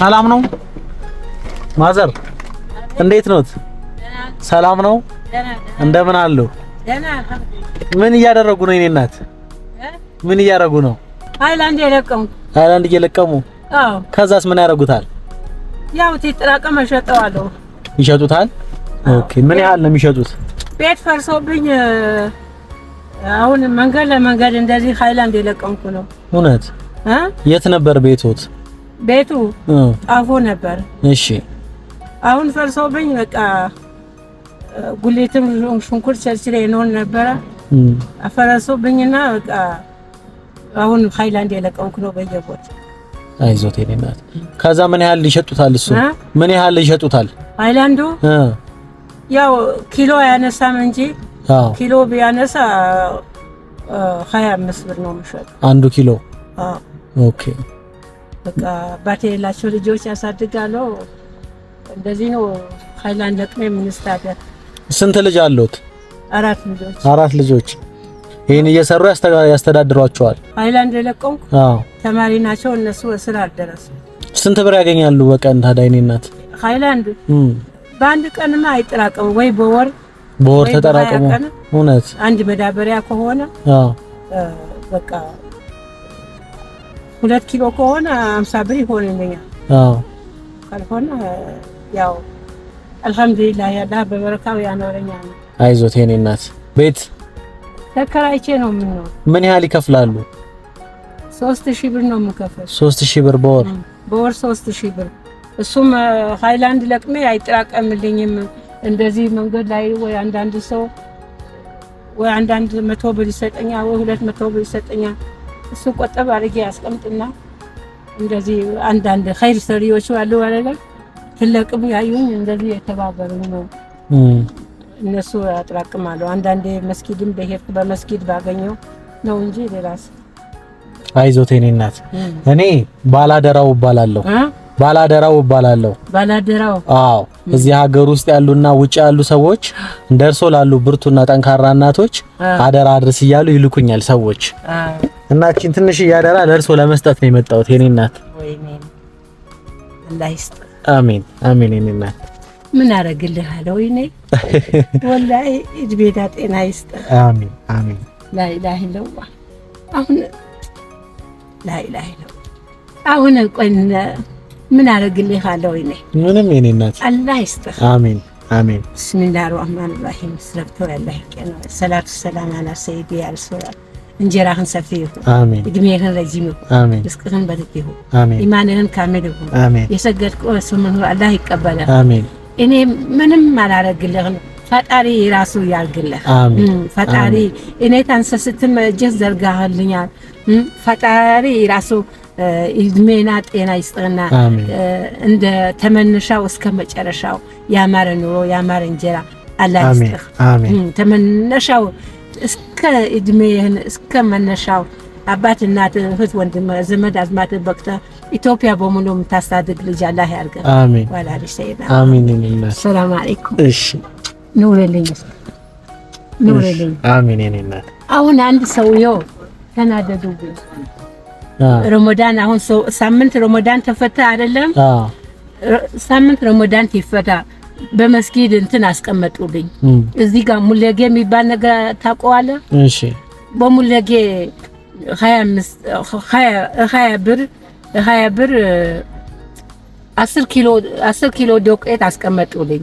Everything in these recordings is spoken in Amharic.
ሰላም ነው ማዘር? እንዴት ኖት? ሰላም ነው? እንደምን አሉ? ምን እያደረጉ ነው? እኔ እናት ምን እያደረጉ ነው? ሀይላንድ እየለቀሙ ሃይላንድ እየለቀሙ። አዎ። ከዛስ ምን ያደርጉታል? ያው ሲጠራቀም እሸጠዋለሁ። ይሸጡታል? ኦኬ። ምን ያህል ነው የሚሸጡት? ቤት ፈርሶብኝ አሁን መንገድ ለመንገድ እንደዚህ ሃይላንድ የለቀምኩ ነው። እውነት? የት ነበር ቤቶት? ቤቱ ጣፎ ነበር። እሺ አሁን ፈርሶብኝ በቃ ጉሊትም ሽንኩርት ቸርችሬ ነውን ነበረ አፈረሶብኝና በቃ አሁን ሃይላንድ የለቀምኩ ነው በየቦታ። አይዞት የኔ እናት። ከዛ ምን ያህል ይሸጡታል? እሱ ምን ያህል ይሸጡታል? ሃይላንዱ ያው ኪሎ አያነሳም እንጂ ኪሎ ቢያነሳ 25 ብር ነው የሚሸጥ አንዱ ኪሎ። ኦኬ በቃ አባት የሌላቸው ልጆች ያሳድጋሉ። እንደዚህ ነው ሀይላንድ ለቅሜ የምንስታደር። ስንት ልጅ አሉት? አራት ልጆች። አራት ልጆች ይህን እየሰሩ ያስተዳድሯቸዋል። ሀይላንድ ለቀው ተማሪ ናቸው እነሱ ስራ አልደረሱ። ስንት ብር ያገኛሉ በቀን ታዲያ? የእኔ እናት ሀይላንድ በአንድ ቀንማ አይጠራቀሙ ወይ በወር በወር ተጠራቀሙ። እውነት አንድ መዳበሪያ ከሆነ በቃ ሁለት ኪሎ ከሆነ አምሳ ብር ይሆንልኛል። አዎ ካልሆነ ያው አልሐምዱሊላህ ያላህ በበረካው ያኖረኛል። አይዞት የኔ እናት። ቤት ተከራይቼ ነው የምኖር። ምን ያህል ይከፍላሉ? ሶስት ሺህ ብር ነው የምከፍል። ሶስት ሺህ ብር በወር በወር ሶስት ሺህ ብር እሱም ሃይላንድ ለቅሜ አይጠራቀምልኝም። እንደዚህ መንገድ ላይ ወይ አንዳንድ ሰው ወይ አንዳንድ መቶ ብር ይሰጠኛል፣ ወይ ሁለት መቶ ብር ይሰጠኛል። እሱ ቆጠብ አድርጌ ያስቀምጥና እንደዚህ አንዳንድ ኸይር ሰሪዎች ባሉ አለ ፍለቅም ያዩኝ እንደዚህ የተባበሩ ነው እነሱ ያጥራቅማሉ። አንዳንዴ መስጊድም በሄድኩ በመስጊድ ባገኘው ነው እንጂ ሌላስ። አይዞት የኔ እናት። እኔ ባላደራው እባላለሁ ባላደራው እባላለሁ። ባላደራው አዎ። እዚህ ሀገር ውስጥ ያሉና ውጭ ያሉ ሰዎች እንደርሶ ላሉ ብርቱና ጠንካራ እናቶች አደራ አድርስ እያሉ ይልኩኛል ሰዎች እና እቺን ትንሽ እያደራ ለእርሶ ለመስጠት ነው የመጣሁት የኔ እናት። አሜን አሜን። የኔ እናት ምን አደርግልሃለሁ? ወይኔ ወላሂ እድሜና ጤና ይስጥ። አሜን አሜን። ላኢላሀ ኢለላህ አሁን ላኢላሀ ኢለላህ አሁን ቆይ ምን አደርግልሃለሁ? ወይኔ ምንም የኔ እናት አላህ ይስጥህ። አሜን አሜን። ብስሚላሂ ራህማን ራሂም ስለብቶ ያላህ ቀና ሰላቱ ሰላም አላ ሰይዲ አልሶላ እንጀራህን ሰፊ ይሁን። አሜን። እድሜህን ረጅም ይሁን። አሜን። ርስቅህን በልክ ይሁን። አሜን። ኢማንህን ካሜል ይሁን። አሜን። የሰገድከው ስምን አላህ ይቀበላል። አሜን። እኔ ምንም አላረግልህም። ፈጣሪ የራሱ ያርግልህ። ፈጣሪ እኔ ተንሰስትም እጅህ ዘርጋህልኛል። ፈጣሪ የራሱ እድሜና ጤና ይስጥህና እንደ ተመንሻው እስከ መጨረሻው ያማረ ኑሮ ያማረ እንጀራ አላህ ይስጥህ። ተመነሻው እስከ እድሜህን እስከ መነሻው አባት፣ እናት፣ እህት፣ ወንድም፣ ዘመድ አዝማት በቅተ ኢትዮጵያ በሙሉ የምታሳድግ ልጅ አላህ ያርገ። አሜን። ሰላም አለይኩም። እሺ ኑርልኝ፣ ኑርልኝ። አሜን። እኔ እናት አሁን አንድ ሰውዬው ተናደዱ። ረመዳን አሁን ሰው ሳምንት ረመዳን ተፈታ አይደለም? ሳምንት ረመዳን ይፈታ በመስጊድ እንትን አስቀመጡልኝ። እዚህ ጋር ሙለጌ የሚባል ነገር ታውቀዋለህ? እሺ። በሙለጌ ሀያ ብር ሀያ ብር አስር ኪሎ 10 ኪሎ ዶቄት አስቀመጡልኝ።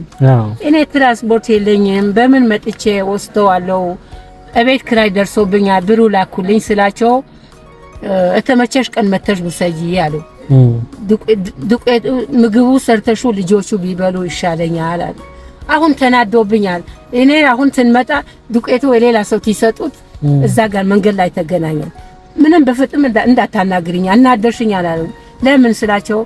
እኔ ትራንስፖርት የለኝም በምን መጥቼ ወስደዋለሁ? እቤት ክራይ ደርሶብኛል ብሩ ላኩልኝ ስላቸው እተመቸሽ ቀን መተሽ ውሰጂ አሉ። ዱቄት ምግቡ ሰርተሹ ልጆቹ ቢበሉ ይሻለኛል አለ። አሁን ተናዶብኛል። እኔ አሁን ትንመጣ ዱቄቱ የሌላ ሰው ሲሰጡት እዛ ጋር መንገድ ላይ ተገናኘን። ምንም በፍጥም እንዳታናግርኛ እናደርሽኛ አላሉ። ለምን ስላቸው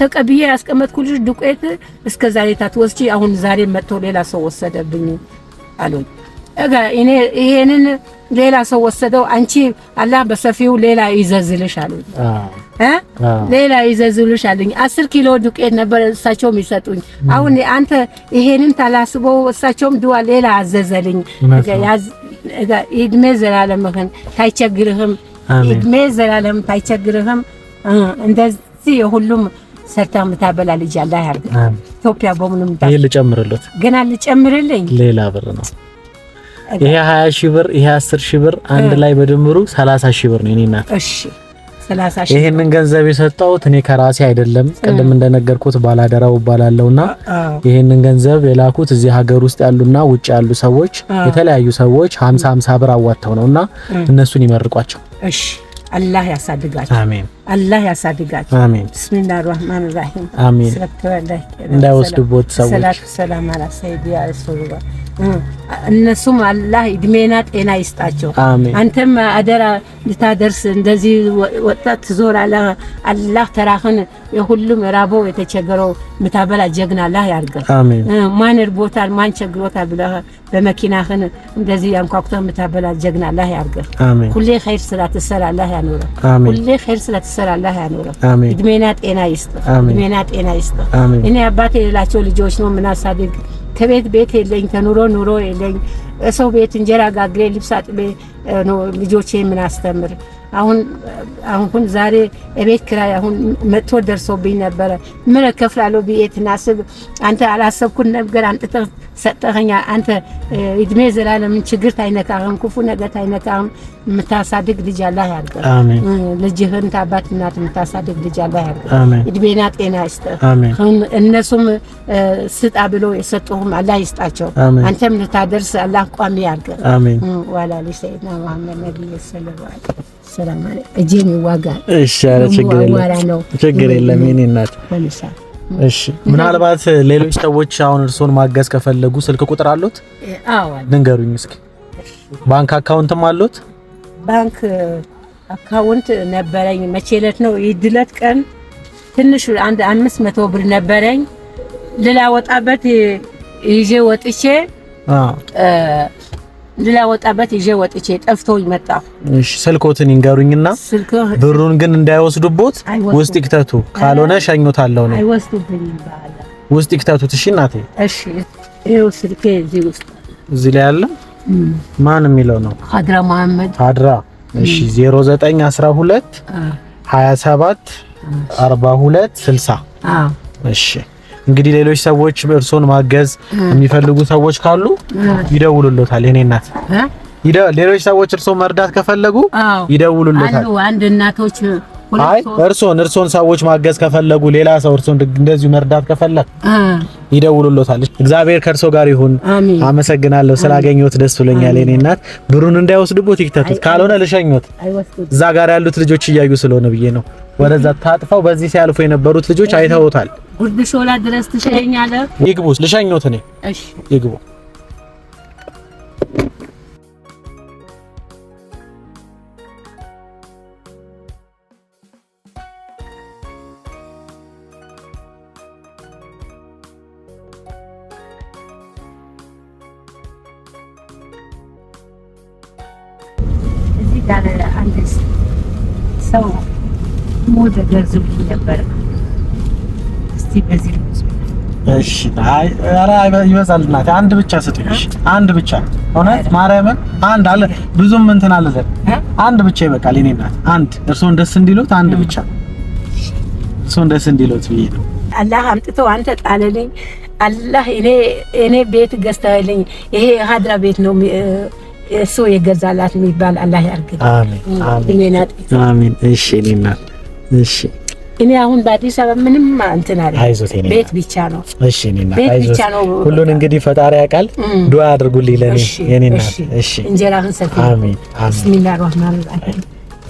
ተቀብዬ ያስቀመጥኩ ልጅ ዱቄት እስከ ዛሬ ታትወስጂ አሁን ዛሬ መጥቶ ሌላ ሰው ወሰደብኝ አሉኝ። ይሄንን ሌላ ሰው ወሰደው። አንቺ አላህ በሰፊው ሌላ ይዘዝልሽ አሉኝ እ ሌላ ይዘዝልሽ አሉኝ። አስር ኪሎ ዱቄት ነበር እሳቸውም ይሰጡኝ። አሁን አንተ ይሄንን ታላስበው እሳቸውም ድዋ ሌላ አዘዘልኝ። እድሜ ዘላለምህን ታይቸግርህም፣ እድሜ ዘላለምህን ታይቸግርህም። እንደዚህ የሁሉም ሰርታ የምታበላ ልጅ አላህ ያርግ። ኢትዮጵያ በሙሉ ይሄን ልጨምርልህ፣ ገና ልጨምርልኝ ሌላ ብር ነው ይሄ 20 ሺህ ብር ይሄ 10 ሺህ ብር አንድ ላይ በድምሩ 30 ሺህ ብር ነው። እኔ እናት እሺ፣ 30 ሺህ ገንዘብ የሰጠሁት እኔ ከራሴ አይደለም። ቅድም እንደነገርኩት ባላደራው እባላለሁና ይህንን ገንዘብ የላኩት እዚህ ሀገር ውስጥ ያሉና ውጭ ያሉ ሰዎች የተለያዩ ሰዎች 50 50 ብር አዋጥተው ነውና እነሱን ይመርቋቸው። እሺ፣ አላህ ያሳድጋቸው። አሜን። አላህ ያሳድጋችሁ። አሜን። ብስሚላ ራህማን ራሂም። አሜን። ሰዎች ሰላም አላ ሰይድ ያ እነሱም አላህ እድሜና ጤና ይስጣቸው። አንተም አደራ ልታደርስ እንደዚህ ወጣት ዞር አለ አላህ ተራህን የሁሉም ራቦ የተቸገረው ምታበላ ጀግና አላህ ያርገ። ማን እርቦታል ማን ቸግሮታል ብለህ በመኪናህን እንደዚህ ያንኳኩተህ ምታበላ ጀግና አላህ ያርገ። ሁሌ ኸይር ስራ ትሰራ አላህ ያኖረ። ሁሌ ኸይር ስራ መሰል አላህ ያኖረው። እድሜና ጤና ይስጥ። እድሜና ጤና ይስጥ። እኔ አባት የሌላቸው ልጆች ነው ምናሳድግ ከቤት ቤት የለኝ ከኑሮ ኑሮ የለኝ ሰው ቤት እንጀራ ጋግሬ ልብስ አጥቤ ነው ልጆቼ ምናስተምር አሁን አሁን ዛሬ እቤት ክራይ አሁን መጥቶ ደርሶብኝ ነበረ። ምን እከፍላለሁ ብዬ ትናስብ አንተ አላሰብኩን ነገር አንተ ሰጠኸኛ። አንተ እድሜ ዘላለም ችግር ታይነካህም፣ ክፉ ነገር ታይነካህም። የምታሳድግ ልጅ አላህ ያድርገህ። ልጅህን ታባት እናት የምታሳድግ ልጅ አላህ ያድርገህ። እድሜና ጤና ይስጥህ። እነሱም ስጣ ብሎ የሰጡህም አላህ ይስጣቸው። አንተም ልታደርስ አላህ ቋሚ ያድርገህ። ዋላ ሊሰይድና መሐመድ ነቢይ ሰለላሁ ዐለይሂ ወሰለም ሰላም አለ እጄ የሚዋጋ እሺ፣ አለ ችግር የለም ችግር የለም የኔ እናት። እሺ፣ ምናልባት ሌሎች ሰዎች አሁን እርስዎን ማገዝ ከፈለጉ ስልክ ቁጥር አሉት? አዎ፣ ንገሩኝ እስኪ። ባንክ አካውንትም አሉት? ባንክ አካውንት ነበረኝ። መቼ ዕለት ነው ይድለት ቀን ትንሽ አንድ አምስት መቶ ብር ነበረኝ ልላወጣበት ይዤ ወጥቼ ላወጣበት ይዤ ወጥቼ ጠፍቶኝ መጣ። እሺ ስልኮትን ይንገሩኝና ብሩን ግን እንዳይወስዱቦት ውስጥ ይክተቱ፣ ካልሆነ ሸኙታለሁ ነው። አይወስዱብኝም። ውስጥ ይክተቱት። እሺ እናቴ። እሺ ይኸው ስልኬ እዚህ ውስጥ እዚህ ላይ አለ። ማን የሚለው ነው? ሀድራ መሐመድ ሀድራ። እሺ 0912 27 42 60 እሺ። እንግዲህ ሌሎች ሰዎች እርሶን ማገዝ የሚፈልጉ ሰዎች ካሉ ይደውሉልዎታል። የኔ እናት ሌሎች ሰዎች እርሶ መርዳት ከፈለጉ ይደውሉልዎታል። አንድ እናቶች አይ እርሶን እርሶን ሰዎች ማገዝ ከፈለጉ ሌላ ሰው እርሶን እንደዚሁ መርዳት ከፈለግ ይደውሉልዎታል። እግዚአብሔር ከእርሶ ጋር ይሁን። አመሰግናለሁ ስላገኘሁት ደስ ብሎኛል። የኔ እናት ብሩን እንዳይወስድቦት ይክተቱት፣ ካልሆነ ልሸኞት። እዛ ጋር ያሉት ልጆች እያዩ ስለሆነ ብዬ ነው። ወደዛ ታጥፈው በዚህ ሲያልፉ የነበሩት ልጆች አይተውታል። ጉርድ ሾላ ድረስ ትሸኛለህ። ይግቡ፣ ልሸኞት። እኔ እሺ፣ ይግቡ ያለ አንድ ሰው ሞተ። ገንዘብ ነበር። እስቲ በዚህ እሺ። አይ ይበዛል። እናቴ አንድ ብቻ ስጥሽ፣ አንድ ብቻ እውነት ማርያምን፣ አንድ አለ ብዙም እንትን አለ ዘር አንድ ብቻ ይበቃል። እኔ እናቴ አንድ እርስዎን ደስ እንዲሉት አንድ ብቻ እርስዎን ደስ እንዲሉት ብዬ ነው። አላህ አምጥቶ አንተ ጣለልኝ። አላህ እኔ እኔ ቤት ገዝተህልኝ ይሄ ሀድራ ቤት ነው እሱ የገዛላት የሚባል አላህ ያርግ። እሺ እኔ አሁን በአዲስ አበባ ምንም እንትን አለ ቤት ብቻ ነው። እሺ ነው ሁሉን እንግዲህ ፈጣሪ ያውቃል። ዱዓ አድርጉልኝ ለኔ የኔ እሺ እንጀራህን ሰፊ። ቢስሚላህ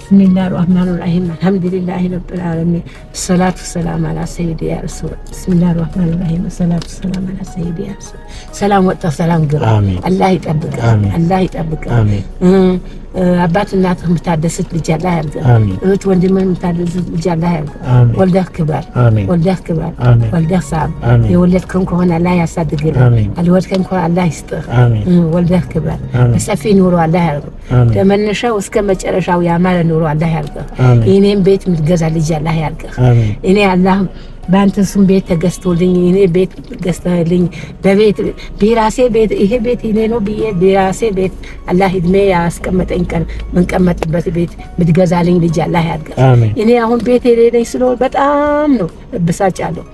بسم الله الرحمن الرحيم الحمد لله رب العالمين الصلاة والسلام على سيدي يا رسول بسم الله الرحمن الرحيم الصلاة والسلام على سيدي يا رسول سلام وقت سلام قرآن آمين الله يتقبل آمين الله يتقبلك آمين አባት እናትህ የምታደስት ልጅ አላህ ያርግህ። እህት ወንድምህ የምታደስት ልጅ አላህ ያርግህ። ወልደህ ክበር፣ ወልደህ ክበር፣ ወልደህ ሳም። የወለድከን ከሆነ አላህ ያሳድግልህ፣ አልወድከን ከሆነ አላህ ይስጥህ። ወልደህ ክበር። ሰፊ ኑሮ አላህ ያርግህ። ከመነሻው እስከ መጨረሻው ያማረ ኑሮ አላህ ያርግህ። የእኔም ቤት የምትገዛ ልጅ አላህ ያርግህ። እኔ አላህ በአንተ እሱም ቤት ተገዝቶልኝ እኔ ቤት ገዝተልኝ በቤት ቢራሴ ቤት ይሄ ቤት እኔ ነው ብዬ ቢራሴ ቤት አላህ እድሜ ያስቀመጠኝ ቀን ምንቀመጥበት ቤት ምትገዛልኝ ልጅ አላህ ያድርገህ። እኔ አሁን ቤት የሌለኝ ስለሆነ በጣም ነው እብሳጫለሁ።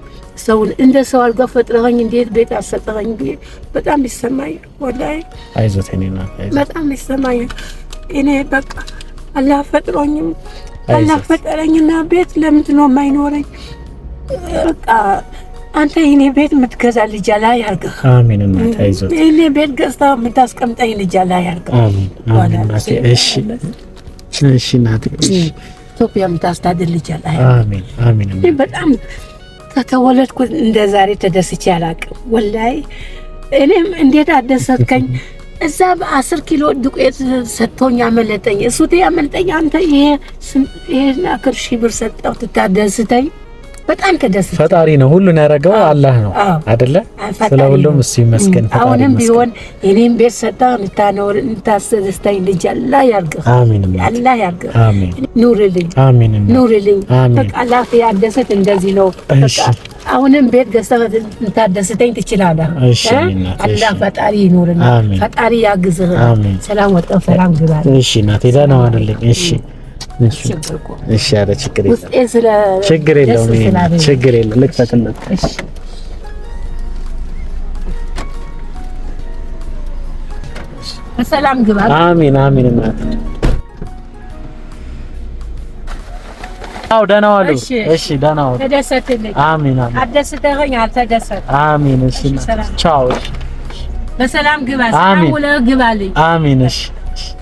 ሰውን እንደ ሰው አልጋ ፈጥረኸኝ እንዴት ቤት አሰጠኸኝ ብዬ በጣም ይሰማኝ። ወላሂ በጣም ይሰማኝ። እኔ በቃ አላህ ፈጥሮኝም አላህ ፈጠረኝና ቤት ለምንድን ነው የማይኖረኝ? በቃ አንተ የኔ ቤት የምትገዛ ልጅ ላይ ያርገህ። አሜን። እናት አይዞህ። የኔ ቤት ገዝታ የምታስቀምጠኝ ልጅ ላይ ያርገህ። አሜን። እሺ፣ እሺ እናት፣ እሺ። ኢትዮጵያ የምታስተዳድር ልጅ ላይ አሜን፣ አሜን። እኔ በጣም ከተወለድኩ እንደ ዛሬ ተደስቼ አላውቅም። ወላይ እኔም እንዴት አደሰትከኝ። እዛ በአስር ኪሎ ዱቄት ሰጥቶኝ ያመለጠኝ እሱ ያመለጠኝ። አንተ ይሄ ይሄን ክርሺ ብር ሰጠው ትታደስተኝ በጣም ተደስቶ ፈጣሪ ነው ሁሉን ያደረገው አላህ ነው አይደለ? ስለ ሁሉም እሱ ይመስገን። አሁንም ቢሆን እኔም ቤት ሰጣ እንታኖር እንታስደስተኝ ልጅ አላህ ያርግህ፣ አሜን። አላህ ያርግህ፣ አሜን። ኑርልኝ፣ አሜን። ኑርልኝ በቃ አላህ ያደሰት እንደዚህ ነው። እሺ አሁንም ቤት ገዝተህ እንታደስተኝ ትችላለህ። አላህ ፈጣሪ ይኑርና ፈጣሪ ያግዝህ። ሰላም ወጣ፣ ሰላም ግባ። እሺ እናቴ ደህና ዋልልኝ። እሺ እሺ ኧረ ችግር የለውም ችግር የለውም ችግር የለውም ልክፈትለት። በሰላም ግባ። አሜን አሜን። እናት አዎ፣ ደህና ዋሉ። እሺ ደህና ዋሉ። ተደሰትልኝ። አሜን አደስተኸኝ አልተደሰት። እሺ ቻው። በሰላም ግባ። ሰላም ውለህ እሺ